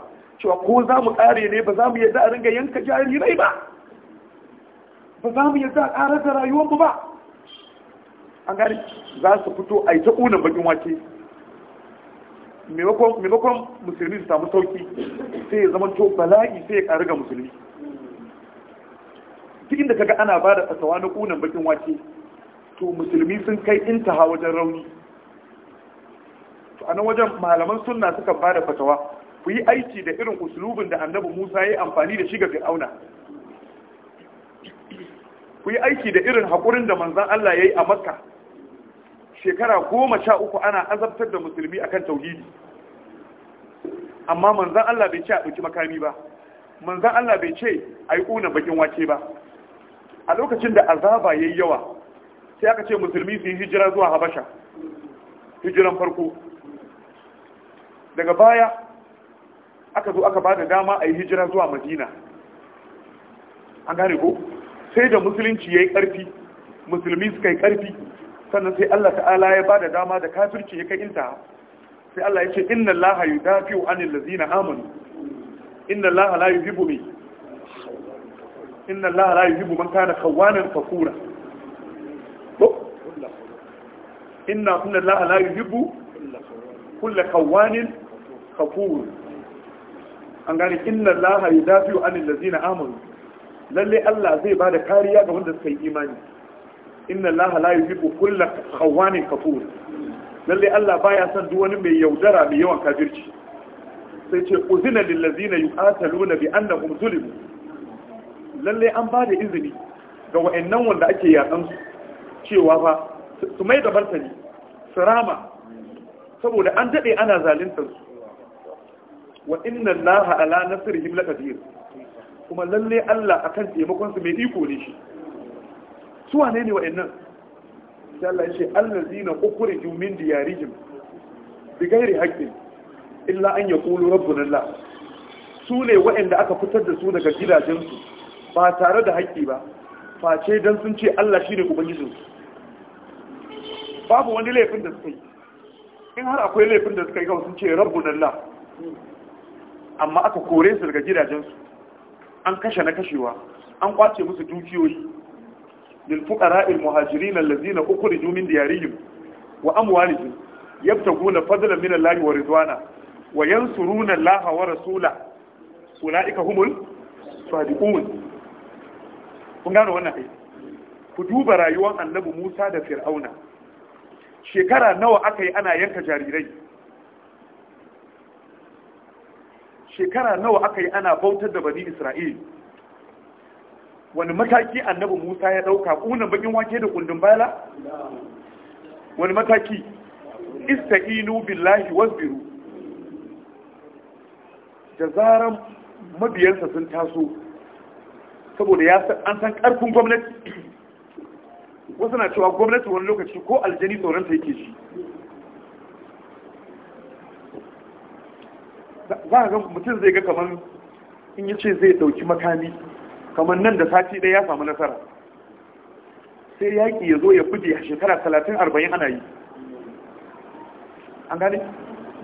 cewa ko za mu kare ne ba za mu yadda a ringa yanka jarirai ba ba za mu yadda a ƙarar da rayuwar mu ba an gani za su fito a yi ta ƙunan bakin wake maimakon musulmi su samu sauki sai ya zama to bala'i sai ya ƙari ga musulmi duk inda kaga ana ba da tsawa na ƙunan bakin wake to musulmi sun kai intaha wajen rauni to anan wajen malaman sunna suka ba fatawa ku yi aiki da irin usulubin da annabi musa ya yi amfani da shi ga fir'auna ku yi aiki da irin hakurin da manzan allah ya a makka shekara goma sha uku ana azabtar da musulmi akan tauhidi amma manzan allah bai ce a ɗauki makami ba manzan allah bai ce a yi ƙuna bakin wake ba a lokacin da azaba yayi yawa sai aka ce musulmi su yi hijira zuwa habasha hijiran farko daga baya aka zo aka ba da dama a yi hijira zuwa madina an gane ko sai da musulunci ya yi ƙarfi musulmi suka yi ƙarfi sannan sai allah ta'ala ya ba da dama da kafirci ya kai inta sai allah ya ce inna laha yi dafi'u anil lazina amanu inna laha la yuhibbu mai inna laha la yuhibbu man kana kawanan fakura inna kunna laha la yuhibbu kulla kawanin kafur an gane inna allaha yudafi'u anil ladzina amanu lalle Allah zai bada kariya ga wanda suka yi imani inna allaha la yuhibbu kulla khawanin kafur lalle Allah baya son duk wani mai yaudara mai yawan kafirci sai ce uzina lil ladzina yuqataluna bi annahum zulimu lalle an bada izini ga wayannan wanda ake yakan su cewa fa su mai da martani su rama saboda an dade ana zaluntar su wa inna allaha ala nasrihim laqadir kuma lalle Allah akan taimakon su mai iko ne shi su wane ne wa'annan sai Allah ya ce allazina ukhriju min diyarihim bi ghairi haqqin illa an yaqulu rabbuna Allah su ne wa'anda aka fitar da su daga gidajensu ba tare da haƙƙi ba face dan sun ce Allah shine su babu wani laifin da suka yi in har akwai laifin da suka yi kawai sun ce rabbuna Allah amma aka kore su daga gidajensu an kashe na kashewa an kwace musu dukiyoyi lil fuqara al muhajirin allazina ukhriju min diyarihim wa amwalihim yabtaguna fadlan min allahi wa ridwana wa yansuruna allaha wa rasula ulaika humul sadiqun kun gano wannan ai ku duba rayuwar annabi Musa da Fir'auna shekara nawa aka yi ana yanka jarirai shekara nawa aka yi ana bautar da bani isra'il wani mataki annabi musa ya ɗauka kunan bakin wake da kundin bala wani mataki ista'inu billahi wasbiru da zaran mabiyansa sun taso saboda ya an san karfin gwamnati wasu na cewa gwamnati wani lokaci ko aljani ta yake shi za ga mutum zai ga kamar in ya ce zai ɗauki makami kamar nan da sati ɗaya ya samu nasara sai yaƙi ya zo ya buɗe a shekara talatin arba'in ana yi an gane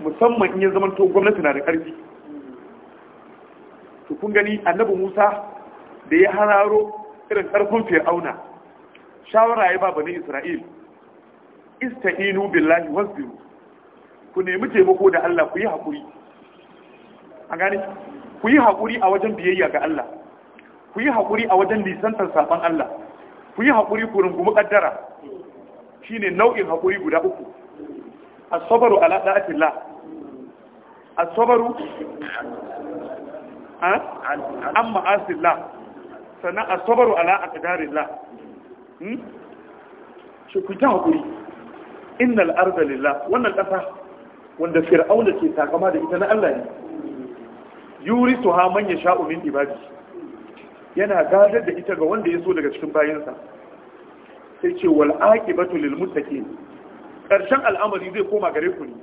musamman in ya zama to gwamnati na da ƙarfi to kun gani annabi musa da ya hararo irin ƙarfin fir'auna shawara ya ba bani isra'il ista'inu billahi wasbiru ku nemi taimako da allah ku yi haƙuri a gane ku yi haƙuri a wajen biyayya ga Allah ku yi haƙuri a wajen lisantar saban Allah ku yi haƙuri ku rungumi ƙaddara shine nau'in haƙuri guda uku as-sabru ala da'atillah as-sabru an ma'asillah sannan as-sabru ala aqdarillah hmm? shi ku ta haƙuri innal arda lillah wannan ƙasa wanda fir'auna ke takama da ita na Allah ne yuri su ha manya sha'umin ibadi yana gadar da ita ga wanda ya so daga cikin bayansa sai ce wal aqibatu lil muttaqin karshen al'amari zai koma gare ku ne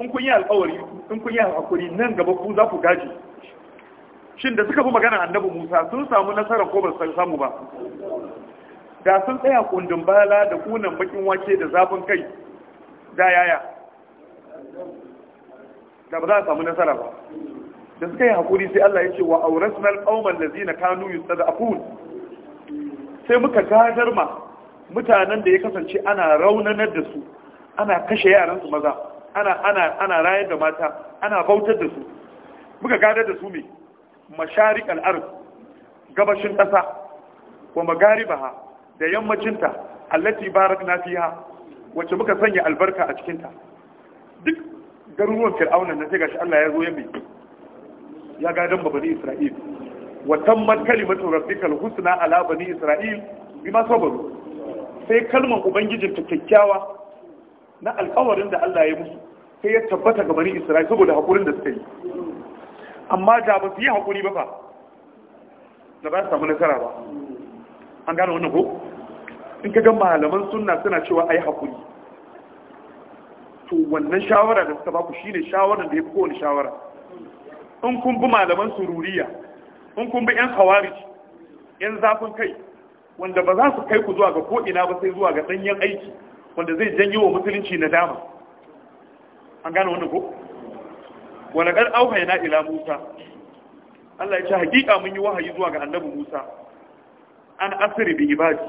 in kun yi alƙawari in kun yi hakuri nan gaba ku za ku gaji shin da suka fi magana annabi Musa sun samu nasara ko ba su samu ba da sun tsaya kundin bala da kunan bakin wake da zafin kai da yaya da ba za a samu nasara ba da suka yi hakuri sai Allah ya ce wa aurasna da zina kanu yustad'afun sai muka gadar ma mutanen da ya kasance ana raunanar da su ana kashe yaransu maza ana ana rayar da mata ana bautar da su muka gadar da su me masharik al gabashin ƙasa wa magaribaha da yammacinta allati barakna fiha wacce muka sanya albarka a cikinta duk garuruwan fir'auna na sai gashi Allah ya zo ya mai ya gadan ba bani isra'il wa tammat kalimatu rabbikal husna ala bani isra'il bima sabaru sai kalmar ubangijin ta kyakkyawa na alƙawarin da Allah ya musu sai ya tabbata ga bani isra'il saboda haƙurin da suka yi amma da ba su yi haƙuri ba fa da ba su samu nasara ba an gane wannan ko in ka ga malaman sunna suna cewa ai haƙuri. to wannan shawara da suka baku shine shawaran da ya fi kowane shawara in kun bi malaman sururiya in kun bi yan khawarij yan zafin kai wanda ba za su kai ku zuwa ga ko ina ba sai zuwa ga danyen aiki wanda zai janyo wa musulunci nadama an gane wannan ko wala auha yana ila musa Allah ya ce hakika mun yi wahayi zuwa ga annabi musa an asiri bi ibadi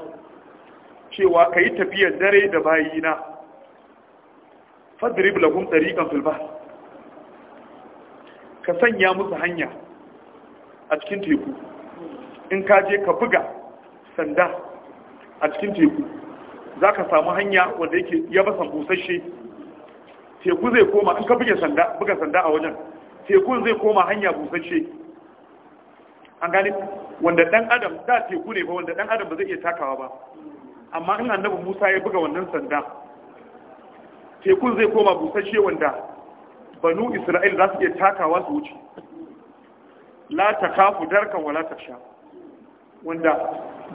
cewa kai tafiyar dare da bayina fadrib lahum tariqan fil bahr ka sanya musu hanya a cikin teku in ka je ka buga sanda a cikin teku za ka samu hanya wanda yake basa busashe. teku zai koma in ka buga sanda a wajen tekun zai koma hanya busashe. an gani wanda dan adam da teku ne ba wanda dan adam ba zai iya takawa ba amma in annabi musa ya buga wannan sanda tekun zai koma busashe wanda banu isra'il za su iya takawa su wuce la ta kafu darkan wala ta sha wanda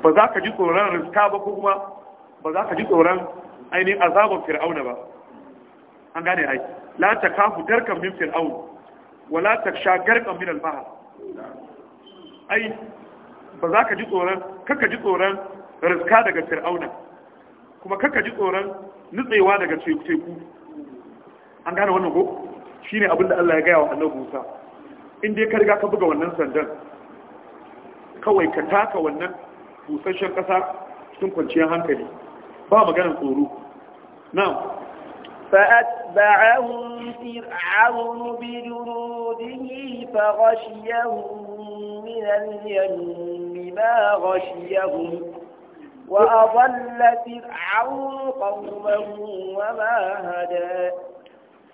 ba za ka ji tsoron rizka ba ko kuma ba za ka ji tsoron ainihin azabar fir'auna ba an gane ai la ta kafu darkan min fir'aun wala ta sha garkan min alfaha ai ba za ka ji tsoron kaka ji tsoron rizka daga fir'auna kuma kaka ji tsoron nutsewa daga teku an gane wannan ko shi abin da Allah ya gaya wa annabi Musa in dai ka riga ka buga wannan sandan kawai ka taka wannan busasshen kasa cikin kwanciyar hankali ba maganar tsoro na'am فأتبعهم فرعون بجنوده فغشيهم من اليم ما غشيهم وأضل فرعون قومه وما هدى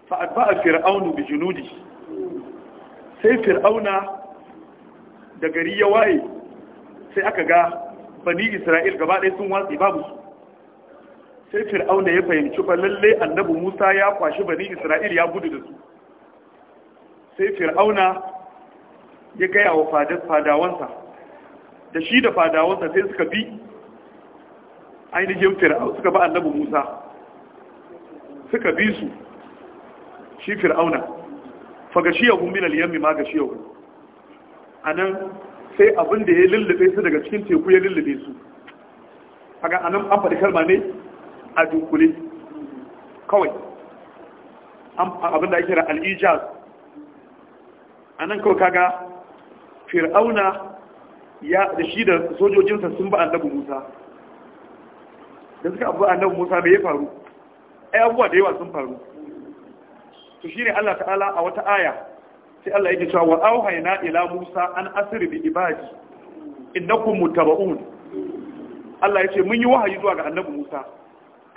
fa atba'a fir'aunu da junudi sai fir'auna da gari ya waye sai aka ga bani isra'il gaba ɗaya sun watsi babu su sai fir'auna ya fahimci ba lalle annabi musa ya kwashi bani isra'il ya gudu da su sai fir'auna ya gaya wa fadawansa da shi da fadawansa sai suka bi ainihin fir'auna suka ba annabi musa suka bi su shi fir'auna fa gashiyahu min al-yammi ma A anan sai abin da ya lullube su daga cikin teku ya lullube su kaga anan an faɗi kalma ne a dukule kawai abin da ake kira al-ijaz anan kawai kaga fir'auna ya da shi da sojojinsa sun ba annabi Musa da suka abu annabi Musa bai ya faru ai abuwa da yawa sun faru to shine Allah ta'ala a wata aya sai Allah yake cewa wa auhayna ila Musa an asri bi ibadi innakum mutaba'un Allah yace mun yi wahayi zuwa ga annabi Musa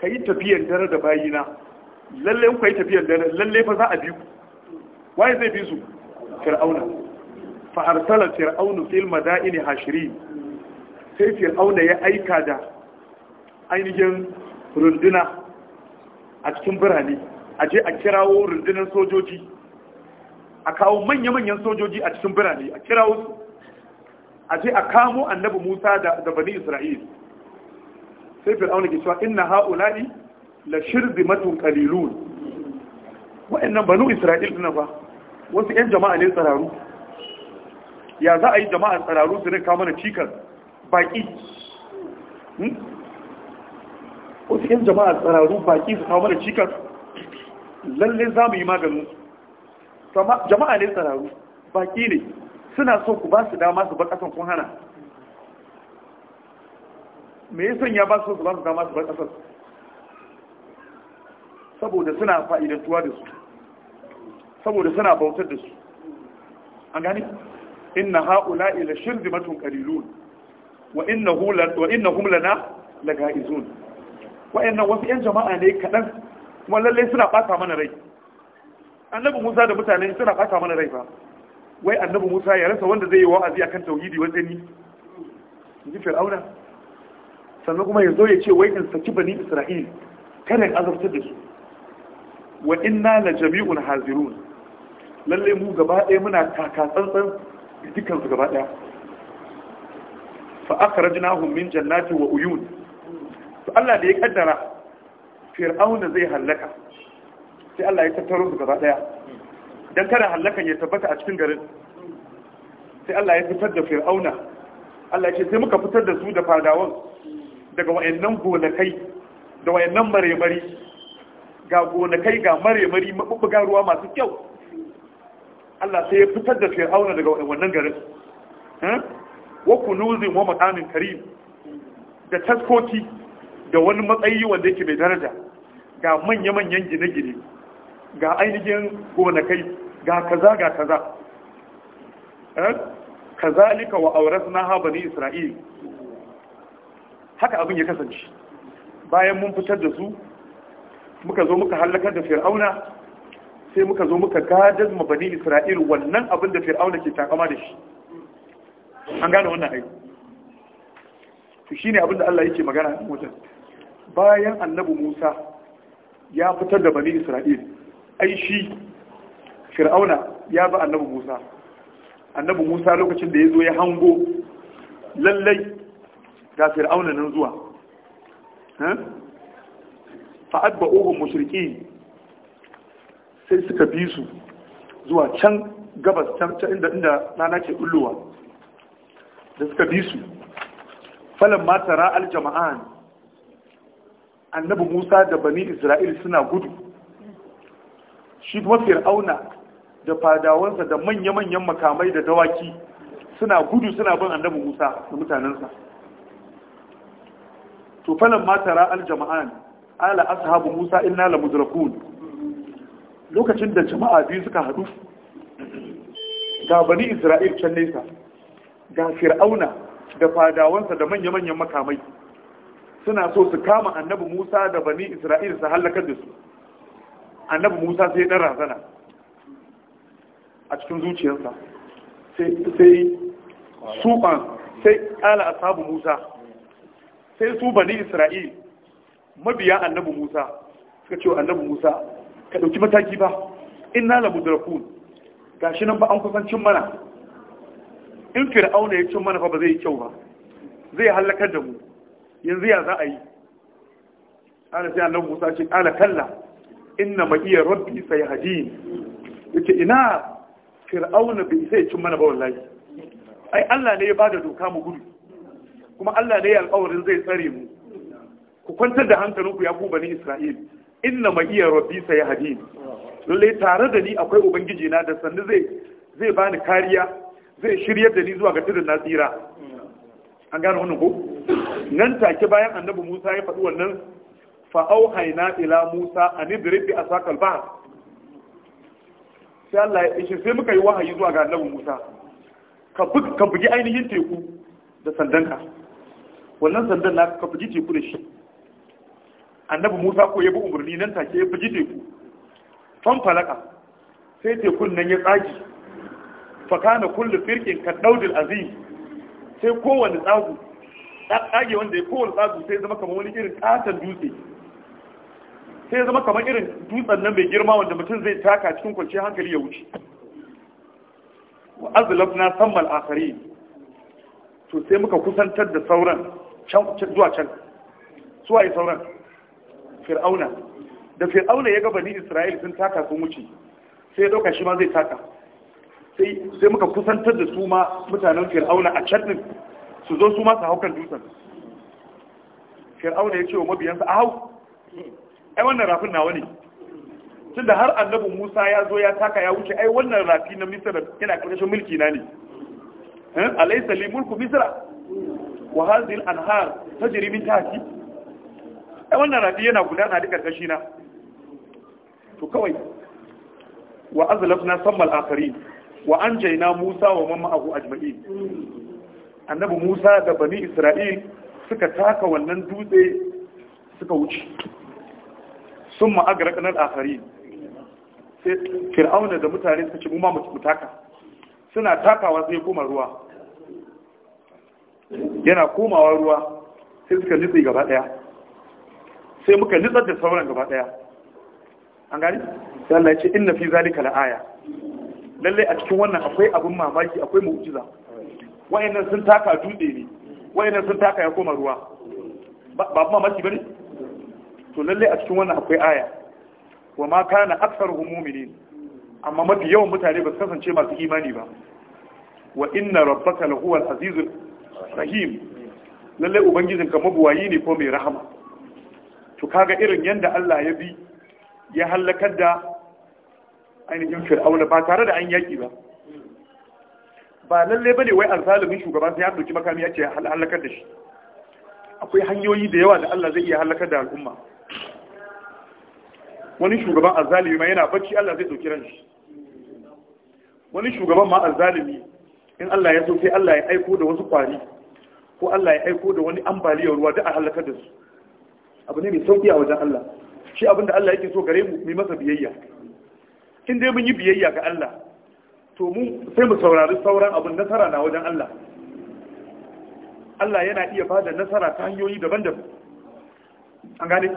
kai tafiyan dare da bayina lalle ku kai tafiyan dare lalle fa za a bi ku waye zai bi su fir'auna fa arsala fir'aunu fil madaini hashirin sai fir'auna ya aika da ainihin runduna a cikin birane a je a kirawo rundunar sojoji a kawo manya-manyan sojoji a cikin birane a kirawo su a je a kamo annabi musa da bani isra'il sai fir'auna ke cewa inna ha'ula'i la matun qalilun wa'annan banu isra'il din ba wasu 'yan jama'a ne tsararu ya za a yi jama'a tsararu su rinka mana cikas baki hmm? wasu 'yan jama'a tsararu baki su kawo mana cikas lalle za mu yi maganin su jama'a ne tsararru baki ne suna so ku ba su dama su bakasan kun hana me ya sanya ba su ba su dama su bakasan saboda suna fa'idantuwa da su saboda suna bautar da su an gani inna ha'ula ila matun ƙarilu. wa innahum lana lagaizun wa'annan wasu 'yan jama'a ne kaɗan kuma lallai suna ɓata mana rai annabi musa da mutane suna ɓata mana rai ba wai annabi musa ya rasa wanda zai yi wa'azi a kan tauhidi wai sai ni ji fir'auna sannan kuma ya zo ya ce wai in saki bani isra'il kada in azabtar da su wa inna la jami'un hazirun lalle mu gaba ɗaya muna kaka tsantsan dukkan su gaba ɗaya fa akhrajnahum min jannati wa uyun to Allah da ya kaddara fir'auna zai hallaka sai Allah ya tattaro su gaba daya dan kada hallakan ya tabbata a cikin garin sai Allah ya fitar da fir'auna Allah ya ce sai muka fitar da su da fadawan daga wayannan gonakai da wayannan maremari ga gonakai ga maremari mabubbuga ruwa masu kyau Allah sai ya fitar da fir'auna daga wannan garin wa kunuzin wa maqamin karim da taskoti da wani matsayi wanda yake mai daraja ga manya-manyan gine-gine ga ainihin gonakai ga kaza ga kaza eh? kazalika wa auratna ha bani isra'il haka abin ya kasance bayan mun fitar da su muka zo muka halakar da fir'auna sai muka zo muka gadar ma bani isra'il wannan abin da fir'auna ke takama da shi an gane wannan aiki to shine abin da Allah yake magana a wajen bayan annabi Musa ya fitar da bani Isra'il ai shi Fir'auna ya ba annabi Musa annabi Musa lokacin da ya zo ya hango lallai ga Fir'auna nan zuwa fa adba'uhum mashirki sai suka bi su zuwa can gabas can inda inda rana ke bullowa da suka bi su falan matara aljama'an annabi Musa da bani Isra'il suna gudu shi kuma Fir'auna da fadawansa da manya-manyan makamai da dawaki suna gudu suna bin annabi Musa da mutanensa to falan matara aljama'an ala ashabu Musa inna la mudrakun lokacin da jama'a biyu suka hadu ga bani Isra'il can nesa ga Fir'auna da fadawansa da manya-manyan makamai suna so su kama annabi Musa da bani Isra'il su halakar da su annabi Musa sai dan razana a cikin zuciyarsa sai sai suban sai ala ashabu Musa sai su bani Isra'il mabiya annabi Musa suka ce annabi Musa ka dauki mataki ba inna la mudrakun gashi nan ba an kusancin mana in fir'auna ya cin mana fa ba zai yi kyau ba zai halakar da mu yanzu ya za a yi ana sai annabi Musa ce ala kalla inna ma iya rabbi hadin. yake ina fir'auna bai sai cin mana ba wallahi ai Allah ne ya bada doka mu gudu kuma Allah ne ya alƙawarin zai tsare mu ku kwantar da hankalinku ya ku bani Isra'il inna ma iya rabbi hadin. lalle tare da ni akwai ubangiji na da sannu zai zai bani kariya zai shiryar da ni zuwa ga tudun nasira an gane wannan ko nan take bayan annabi Musa ya faɗi wannan fa auhayna ila Musa an idrib bi asakal ba sai Allah ya ishe sai muka yi wahayi zuwa ga annabi Musa ka bugi ka bugi ainihin teku da sandanka wannan sandan na ka bugi teku da shi annabi Musa ko ya bi umarni nan take ya bugi teku fan falaka sai tekun nan ya tsaki. fa kana kullu firqin ka daudil sai kowanne tsagu tsage wanda ya kowane tsadu sai zama kamar wani irin katon dutse sai zama kamar irin dutsen nan mai girma wanda mutum zai taka cikin kwanciyar hankali ya wuce wa azlafna sammal akhari to sai muka kusantar da sauran can zuwa can su waye sauran fir'auna da fir'auna ya ga bani isra'il sun taka sun wuce sai ya dauka shi ma zai taka sai muka kusantar da su ma mutanen fir'auna a can din su zo su masu haukan dutsen fir'auna ya ce wa mabiyansa a hau ai wannan rafin nawa ne tun da har annabi musa ya zo ya taka ya wuce ai wannan rafi na misira yana karkashin mulki na ne eh, alaisa li mulku misira wa hazil al-anhar tajri min tahti ai wannan rafi yana gudana da karkashi na to kawai wa azlafna sammal akharin wa anjayna musa wa mamma abu ajma'in annabi Musa da bani Isra'il suka taka wannan dutse suka wuce sun ma'agara kanar akari sai fir'auna da mutane suka ce mu ma mu taka suna takawa sai koma ruwa yana komawa ruwa sai suka nitsi gaba daya sai muka nitsar da sauran gaba daya an gani sai Allah ya ce inna fi zalika la'aya lalle a cikin wannan akwai abun mamaki akwai mu'jiza wayannan sun taka dutse ne wayannan sun taka ya koma ruwa ba ba maki bane to lalle a cikin wannan akwai aya wa ma kana aktsaruhum mu'minin amma mafi yawan mutane ba su kasance masu imani ba wa inna rabbaka lahuwal azizur rahim lalle ka mabuwayi ne ko mai rahama to kaga irin yanda Allah ya bi ya halakar da ainihin fir'auna ba tare da an yaki ba ba lalle bane wai alzalimin shugaba sai ya dauki makami ya ce halakar da shi akwai hanyoyi da yawa da Allah zai iya halakar da al'umma wani shugaban azzalimi ma yana bacci Allah zai dauki ran shi wani shugaban ma azzalimi in Allah ya so sai Allah ya aiko da wasu kwari ko Allah ya aiko da wani ambaliyar ruwa da a halakar da su abu ne mai sauki a wajen Allah shi abinda Allah yake so gare mu mai masa biyayya in dai mun yi biyayya ga Allah to mu sai mu saurari sauran abin nasara na wajen Allah Allah yana iya bada nasara ta hanyoyi daban-daban an gane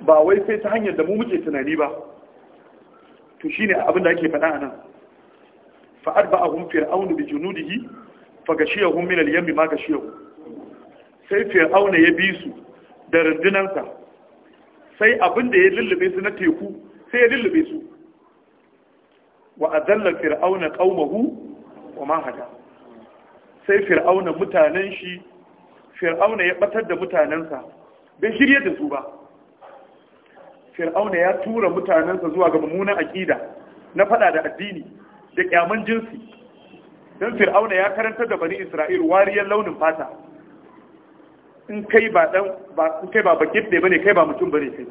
ba wai sai ta hanyar da mu muke tunani ba to shine abin da ake faɗa a nan fa'ad ba a hun bi junudihi fa gashiyahum min al-yammi ma gashiyahu sai fir'auna ya bi su da rundunansa sai abin da ya lullube su na teku sai ya lullube su wa azalla fir'auna ƙaumahu wa ma hada sai fir'auna mutanen shi fir'auna ya batar da mutanensa bai shirye da su ba fir'auna ya tura mutanensa zuwa ga mummunan aqida na fada da addini da kyaman jinsi don fir'auna ya karantar da bani isra'il wariyar launin fata in kai ba dan ba kai ba bakit ne bane kai ba mutum bane kai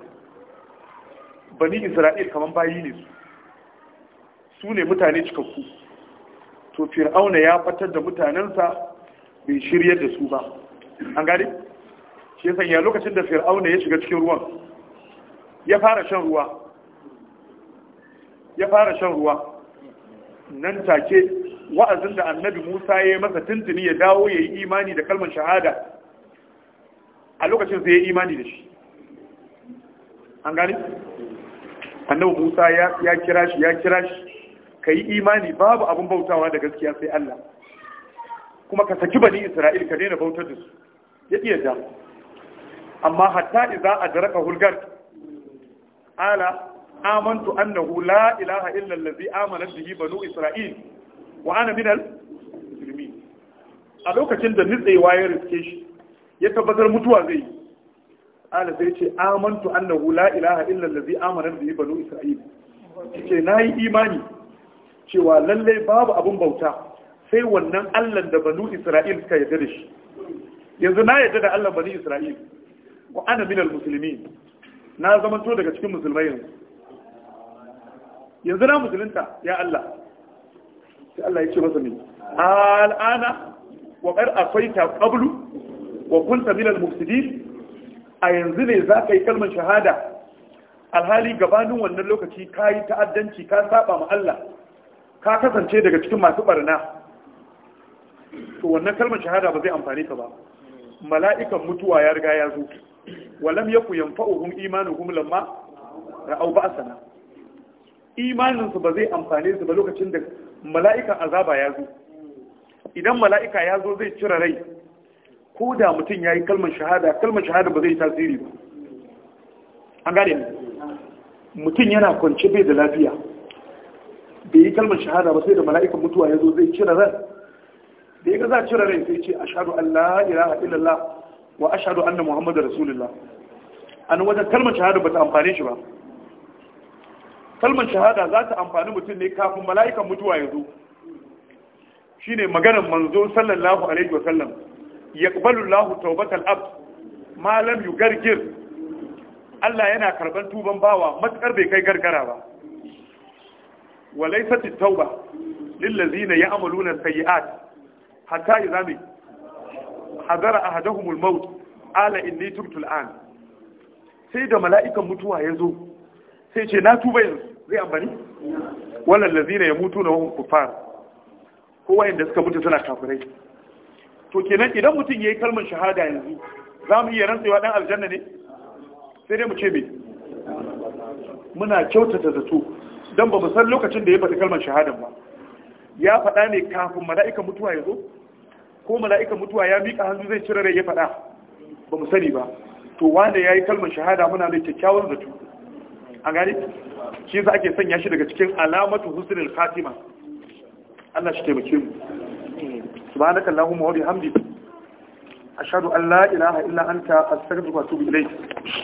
bani isra'il kaman bayi ne su su ne mutane cikakku to fir'auna ya fatar da mutanensa bai shiryar da su ba an gani? shi ya sanya lokacin da fir'auna ya shiga cikin ruwan ya fara shan ruwa ya fara shan ruwa nan take wa'azin da annabi musa ya yi masa tuntuni ya dawo ya yi imani da kalmar shahada a lokacin sai ya yi imani da shi an gani annabi musa ya kira shi ya kira shi ka yi imani babu abin bautawa da gaskiya sai Allah kuma ka saki bani Isra'il ka daina bautar da su ya iya ja amma hatta a adraka hulgar ala amantu annahu la ilaha illa allazi amana bihi banu Isra'il wa ana minal muslimin a lokacin da nitsewa ya riske shi ya tabbatar mutuwa zai yi ala sai ce amantu annahu la ilaha illa allazi amana bihi banu Isra'il ce nayi imani cewa lallai babu abin bauta sai wannan allan da banu Isra'il suka yarda da shi yanzu na yarda da allan banu Isra'il wa ana minal muslimin na zamanto daga cikin musulmai yanzu yanzu na musulunta ya Allah sai Allah ya ce masa min al'ana wa akwai ta qablu wa kunta minal mufsidin a yanzu ne za ka yi kalmar shahada alhali gabanin wannan lokaci ka yi ta'addanci ka saba ma Allah ka kasance daga cikin masu barna to wannan kalmar shahada ba zai amfani ka ba mala'ikan mutuwa ya riga ya zo walam yaku yanfa'uhum imanuhum lamma ra'aw ba'sana imanin su ba zai amfane su ba lokacin da mala'ikan azaba ya zo idan mala'ika ya zo zai cire rai ko da mutum yayi kalmar shahada kalmar shahada ba zai tasiri ba an gane mutum yana kwance bai da lafiya bai yi kalmar shahada ba sai da mala'ikan mutuwa ya zo zai cire ran da ya za a cire rai sai ce a shaɗu Allah ilaha illallah wa ashadu anna muhammadu rasulullah nan wajen kalmar shahada ba ta amfane shi ba kalmar shahada za ta amfani mutum ne kafin mala'ikan mutuwa ya zo shi ne maganar manzo sallallahu alaihi wasallam ya ƙubalu lahu taubatal ab malam yu gargir Allah yana karɓar tuban bawa matuƙar bai kai gargara ba wa laysat at-tauba lil ladzina ya'maluna sayyi'at hatta idza bi hadara ahaduhum al-maut ala inni tubtu al-an sai da mala'ikan mutuwa ya zo sai ce na tuba yanzu zai ambani. wannan lazina ya mutu na wahun kufar ko wayanda suka mutu suna kafirai to kenan idan mutum ya yi kalmar shahada yanzu za mu iya rantsewa dan aljanna ne sai dai mu ce me muna kyautata zato don ba san lokacin da ya bata kalmar shahadar ba ya faɗa ne kafin mala'ikan mutuwa ya zo ko mala'ikan mutuwa ya miƙa hannu zai cire rai ya faɗa ba mu sani ba to wanda ya yi kalmar shahada muna mai kyakkyawar zato a gani shi za ake sanya shi daga cikin alamatu husnul khatima Allah shi taimake mu subhanaka allahumma wa bihamdika ashhadu an la ilaha illa anta astaghfiruka wa atubu ilayk